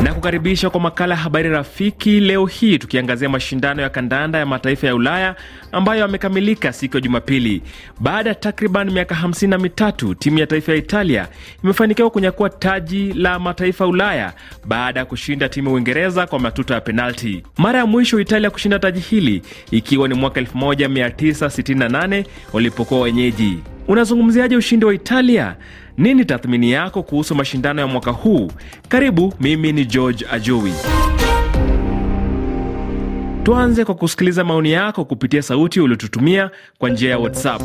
na kukaribisha kwa makala ya habari rafiki. Leo hii tukiangazia mashindano ya kandanda ya mataifa ya Ulaya ambayo yamekamilika siku ya Jumapili. Baada ya takriban miaka 53 na timu ya taifa ya Italia imefanikiwa kunyakua taji la mataifa ya Ulaya baada ya kushinda timu ya Uingereza kwa matuta ya penalti. Mara ya mwisho Italia kushinda taji hili ikiwa ni mwaka 1968 walipokuwa wenyeji. Unazungumziaje ushindi wa Italia? Nini tathmini yako kuhusu mashindano ya mwaka huu? Karibu, mimi ni George Ajui. Tuanze kwa kusikiliza maoni yako kupitia sauti uliotutumia kwa njia ya WhatsApp.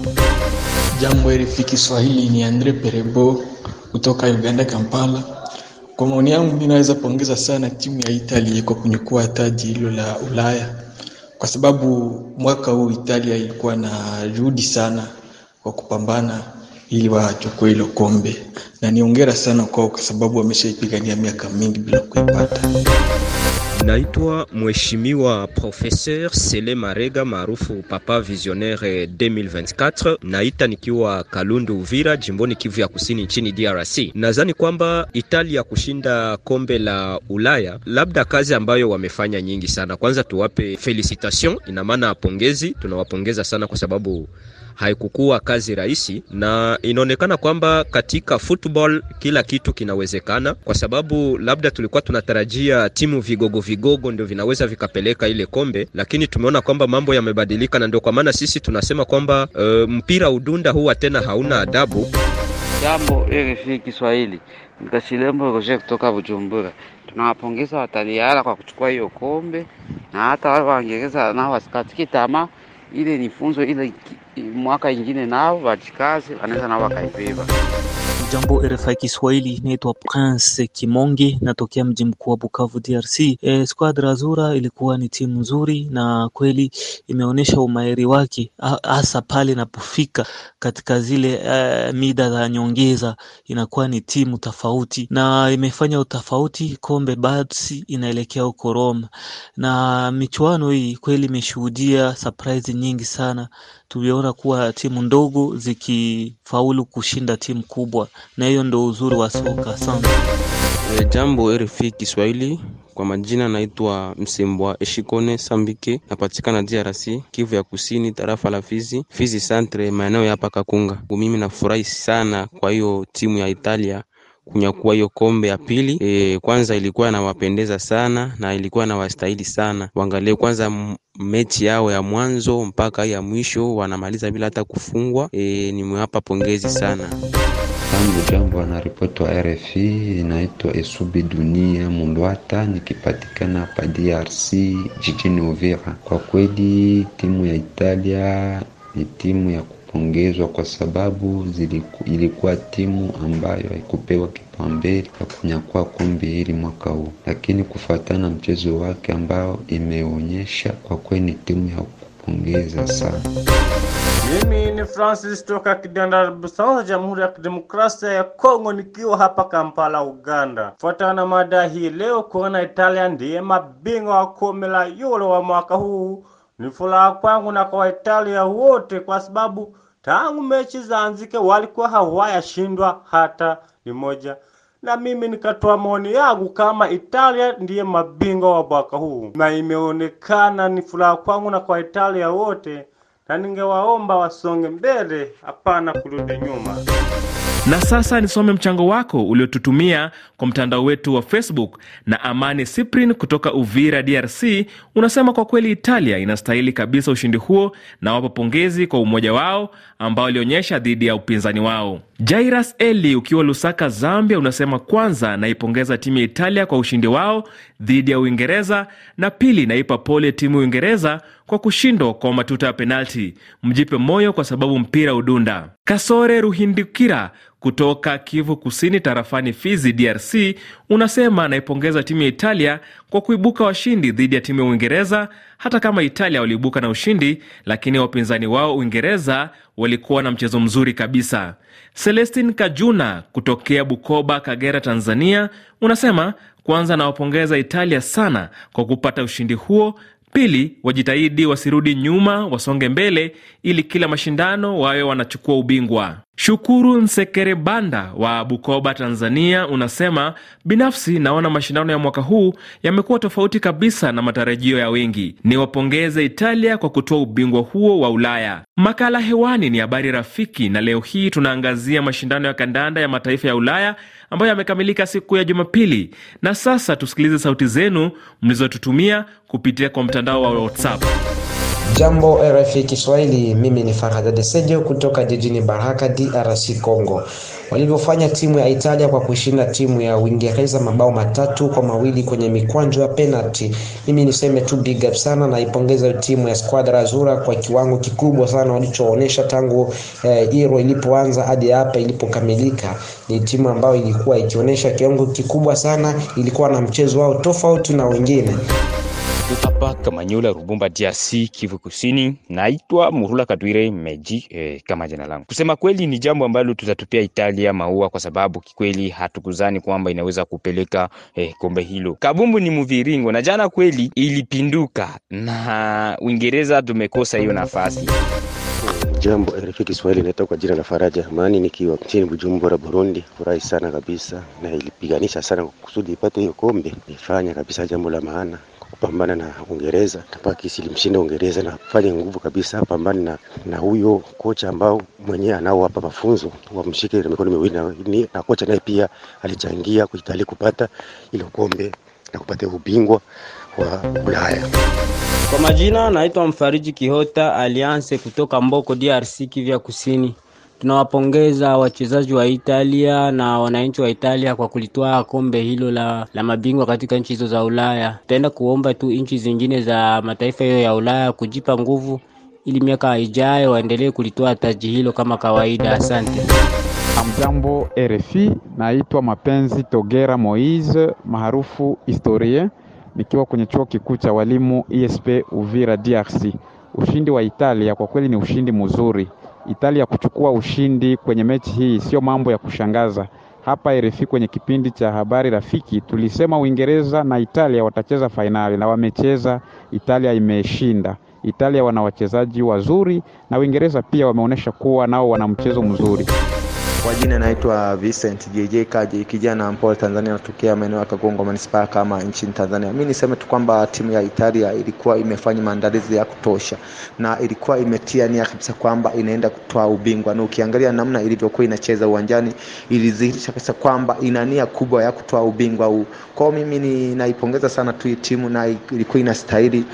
Jambo RFI Kiswahili, ni Andre Perebo kutoka Uganda, Kampala. Kwa maoni yangu, mi naweza pongeza sana timu ya Itali kwa kunyukua taji hilo la Ulaya, kwa sababu mwaka huu Italia ilikuwa na juhudi sana kwa kupambana ili wachukue hilo kombe, na niongera sana kwao kwa sababu wameshaipigania miaka mingi bila kuipata. Naitwa Mheshimiwa Professeur Sele Marega maarufu Papa Visionnaire 2024, naita nikiwa Kalundu Uvira, jimboni Kivu ya Kusini nchini DRC. Nadhani kwamba Italia kushinda kombe la Ulaya labda kazi ambayo wamefanya nyingi sana. Kwanza tuwape felicitation, ina maana pongezi, tunawapongeza sana kwa sababu haikukuwa kazi rahisi, na inaonekana kwamba katika football kila kitu kinawezekana, kwa sababu labda tulikuwa tunatarajia timu vigogo vigogo ndio vinaweza vikapeleka ile kombe, lakini tumeona kwamba mambo yamebadilika, na ndio kwa maana sisi tunasema kwamba uh, mpira udunda huwa tena hauna adabu. Jambo RFI Kiswahili, Nikashilembo Roger kutoka Bujumbura. Tunawapongeza wataliala kwa kuchukua hiyo kombe, na hata wale Waingereza nao wasikatiki tamaa. Ile ni funzo ile mwaka ingine nao wajikaze, wanaweza nao wakaibeba. Jambo RFI Kiswahili, inaitwa Prince Kimongi, natokea mji mkuu wa Bukavu, DRC. E, Squadra Azura ilikuwa ni timu nzuri na kweli imeonyesha umahiri wake, hasa pale inapofika katika zile uh, mida za nyongeza, inakuwa ni timu tofauti na imefanya utofauti. Kombe basi inaelekea huko Roma, na michuano hii kweli imeshuhudia surprise nyingi sana tuliona unaona kuwa timu ndogo zikifaulu kushinda timu kubwa, na hiyo ndo uzuri wa soka. Asante. E, jambo RFI Kiswahili. Kwa majina naitwa Msembwa Eshikone Sambike, napatikana DRC, Kivu ya Kusini, tarafa la Fizi, Fizi Centre, maeneo ya hapa Kakunga. Mimi nafurahi sana kwa hiyo timu ya Italia kunyakua hiyo kombe ya pili. E, kwanza ilikuwa nawapendeza sana na ilikuwa nawastahili sana. Wangalie kwanza mechi yao ya mwanzo mpaka ya mwisho wanamaliza bila hata kufungwa. E, nimewapa pongezi sana. Jambo jambo, anaripoti wa RFI inaitwa Esubi Dunia Mulwata, nikipatikana hapa DRC jijini Uvira. Kwa kweli timu ya Italia ni timu ya kupongezwa kwa sababu ziliku, ilikuwa timu ambayo haikupewa kipaumbele ya kunyakua kombe hili mwaka huu, lakini kufuatana mchezo wake ambao imeonyesha kwa kweli ni timu ya kupongeza sana. Mimi ni Francis toka Kidanda Busau, Jamhuri ya Kidemokrasia ya Kongo, nikiwa hapa Kampala, Uganda. Fuatana na mada hii leo kuona Italia ndiye mabingwa wa kombe la Euro wa mwaka huu ni furaha kwangu na kwa Italia wote kwa sababu tangu mechi zaanzike walikuwa hawayashindwa hata limoja, na mimi nikatoa maoni yangu kama Italia ndiye mabingwa wa mwaka huu, na imeonekana. Ni furaha kwangu na kwa Italia wote na ningewaomba wasonge mbele, hapana kurudi nyuma. Na sasa nisome mchango wako uliotutumia kwa mtandao wetu wa Facebook. Na Amani Siprin kutoka Uvira, DRC, unasema kwa kweli Italia inastahili kabisa ushindi huo na wapo pongezi kwa umoja wao ambao walionyesha dhidi ya upinzani wao. Jairas Eli ukiwa Lusaka, Zambia, unasema kwanza, naipongeza timu ya Italia kwa ushindi wao dhidi ya Uingereza, na pili, naipa pole timu ya Uingereza kwa kushindwa kwa matuta ya penalti. Mjipe moyo kwa sababu mpira udunda. Kasore Ruhindukira kutoka Kivu Kusini, tarafani Fizi, DRC, unasema anaipongeza timu ya Italia kwa kuibuka washindi dhidi ya timu ya Uingereza. Hata kama Italia waliibuka na ushindi, lakini wapinzani wao Uingereza walikuwa na mchezo mzuri kabisa. Celestin Kajuna kutokea Bukoba, Kagera, Tanzania, unasema kwanza anawapongeza Italia sana kwa kupata ushindi huo Pili, wajitahidi wasirudi nyuma, wasonge mbele ili kila mashindano wawe wanachukua ubingwa. Shukuru Banda wa Bukoba, Tanzania, unasema binafsi naona mashindano ya mwaka huu yamekuwa tofauti kabisa na matarajio ya wengi. Niwapongeze Italia kwa kutoa ubingwa huo wa Ulaya. Makala hewani ni habari rafiki, na leo hii tunaangazia mashindano ya kandanda ya mataifa ya Ulaya ambayo yamekamilika siku ya Jumapili, na sasa tusikilize sauti zenu mlizotutumia kupitia kwa mtandao wa WhatsApp. Jambo RFI Kiswahili, mimi ni Farhad Adesejo kutoka jijini Baraka, DRC Congo. Walivyofanya timu ya Italia kwa kushinda timu ya Uingereza mabao matatu kwa mawili kwenye mikwanjo ya penalti, mimi niseme tu big up sana, naipongeza timu ya Squadra Azura kwa kiwango kikubwa sana walichoonyesha tangu Euro eh, ilipoanza hadi hapa ilipokamilika. Ni timu ambayo ilikuwa ikionyesha kiwango kikubwa sana, ilikuwa na mchezo wao tofauti na wengine hapa Kamanyola, Rubumba, DRC, Kivu Kusini. Naitwa Murula Kadwire Meji eh, kama jina langu. Kusema kweli, ni jambo ambalo tutatupia Italia maua, kwa sababu kikweli hatukuzani kwamba inaweza kupeleka eh, kombe hilo. Kabumbu ni mviringo, na jana kweli ilipinduka, na Uingereza tumekosa hiyo nafasi. Jambo RFI Kiswahili, naitwa kwa jina la Faraja Amani, nikiwa nchini Bujumbura, Burundi. Furahi sana kabisa na ilipiganisha sana kusudi ipate hiyo kombe, ifanya kabisa jambo la maana kupambana na Uingereza mpaka kisi Uingereza, na fanye nguvu kabisa pambane na, na huyo kocha ambao mwenyewe anaowapa mafunzo wamshike na mikono miwili, na kocha naye pia alichangia kuitali kupata ile kombe na kupata ubingwa wa Ulaya. Kwa majina naitwa Mfariji Kihota Alliance kutoka Mboko DRC, Kivya Kusini tunawapongeza wachezaji wa Italia na wananchi wa Italia kwa kulitwaa kombe hilo la, la mabingwa katika nchi hizo za Ulaya. Tutaenda kuomba tu nchi zingine za mataifa hiyo ya Ulaya kujipa nguvu ili miaka ijayo waendelee kulitoa taji hilo kama kawaida. Asante. Amjambo RFI, naitwa Mapenzi Togera Moise maarufu historie nikiwa kwenye chuo kikuu cha walimu ISP e Uvira DRC. Ushindi wa Italia kwa kweli ni ushindi mzuri Italia kuchukua ushindi kwenye mechi hii sio mambo ya kushangaza. Hapa RFI kwenye kipindi cha habari rafiki tulisema Uingereza na Italia watacheza fainali na wamecheza, Italia imeshinda. Italia wana wachezaji wazuri na Uingereza pia wameonyesha kuwa nao wana mchezo mzuri. Kwa jina naitwa Vincent JJ Kaji, kijana mpole Tanzania, natokea maeneo ya Kagongo manispaa kama nchini Tanzania. Mimi niseme tu kwamba timu ya Italia ilikuwa imefanya maandalizi ya kutosha na ilikuwa imetia nia kabisa kwamba inaenda kutoa ubingwa, na ukiangalia namna ilivyokuwa inacheza uwanjani ilidhihirisha kabisa kwamba ina nia kubwa ya kutoa ubingwa huu. Kwao mimi ni naipongeza sana tu timu, na ilikuwa inastahili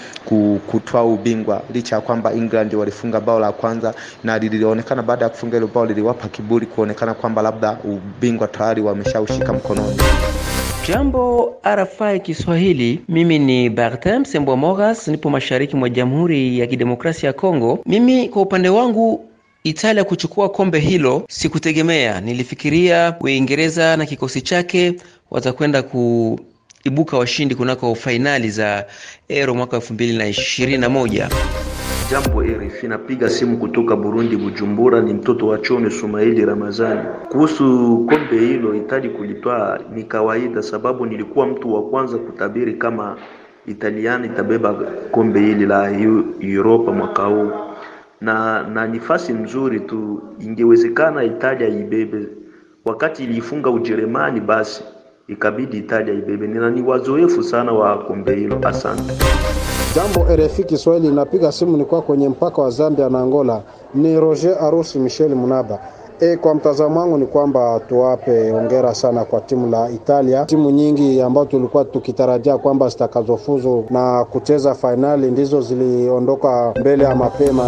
kutoa ubingwa licha ya kwamba England walifunga bao la kwanza, na lilionekana baada ya kufunga hilo bao liliwapa kiburi kuonekana inaonekana kwamba labda ubingwa tayari wameshaushika mkononi. Jambo RFI Kiswahili, mimi ni Bartem Sembwa Moras, nipo mashariki mwa Jamhuri ya Kidemokrasia ya Kongo. Mimi kwa upande wangu Italia kuchukua kombe hilo sikutegemea. Nilifikiria Uingereza na kikosi chake watakwenda kuibuka washindi kunako fainali za Euro mwaka 2021. Jambo RFI, napiga simu kutoka Burundi, Bujumbura. Ni mtoto wa Chome Sumaili Ramazani. Kuhusu kombe hilo, Itali kulitwaa ni kawaida, sababu nilikuwa mtu wa kwanza kutabiri kama Italiani itabeba kombe hili la Europa mwaka huu, na na nifasi nzuri tu, ingewezekana Italia ibebe. Wakati iliifunga Ujerumani, basi ikabidi itaja ibebe, na ni wazoefu sana wa kombe hilo. Asante. Jambo RFI Kiswahili inapiga simu, ni kwa kwenye mpaka wa Zambia na Angola. Ni Roger Arusi Michel Munaba. E, kwa mtazamo wangu ni kwamba tuwape hongera sana kwa timu la Italia. Timu nyingi ambazo tulikuwa tukitarajia kwamba zitakazofuzu na kucheza fainali ndizo ziliondoka mbele ya mapema.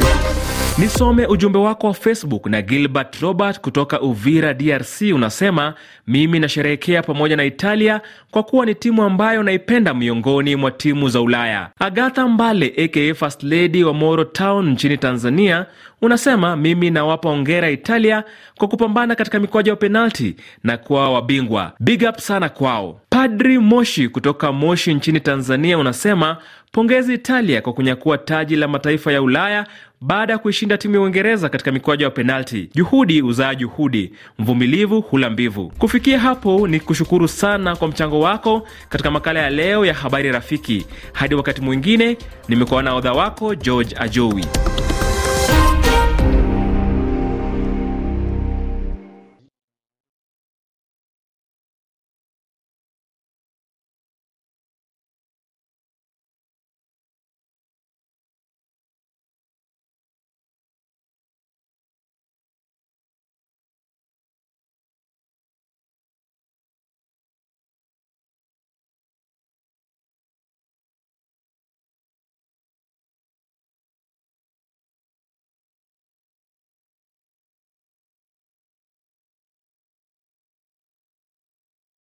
Nisome ujumbe wako wa Facebook na Gilbert Robert kutoka Uvira, DRC. Unasema, mimi nasherehekea pamoja na Italia kwa kuwa ni timu ambayo naipenda miongoni mwa timu za Ulaya. Agatha Mbale aka First Lady wa Moro Town nchini Tanzania unasema, mimi nawapa ongera Italia kwa kupambana katika mikwaja ya penalti na kuwa wabingwa. Big up sana kwao. Padri Moshi kutoka Moshi nchini Tanzania unasema, pongezi Italia kwa kunyakua taji la mataifa ya Ulaya baada ya kuishinda timu ya Uingereza katika mikoaja ya penalti. Juhudi uzaa juhudi, mvumilivu hula mbivu. Kufikia hapo, ni kushukuru sana kwa mchango wako katika makala ya leo ya habari rafiki. Hadi wakati mwingine, nimekuwa na odha wako George Ajowi.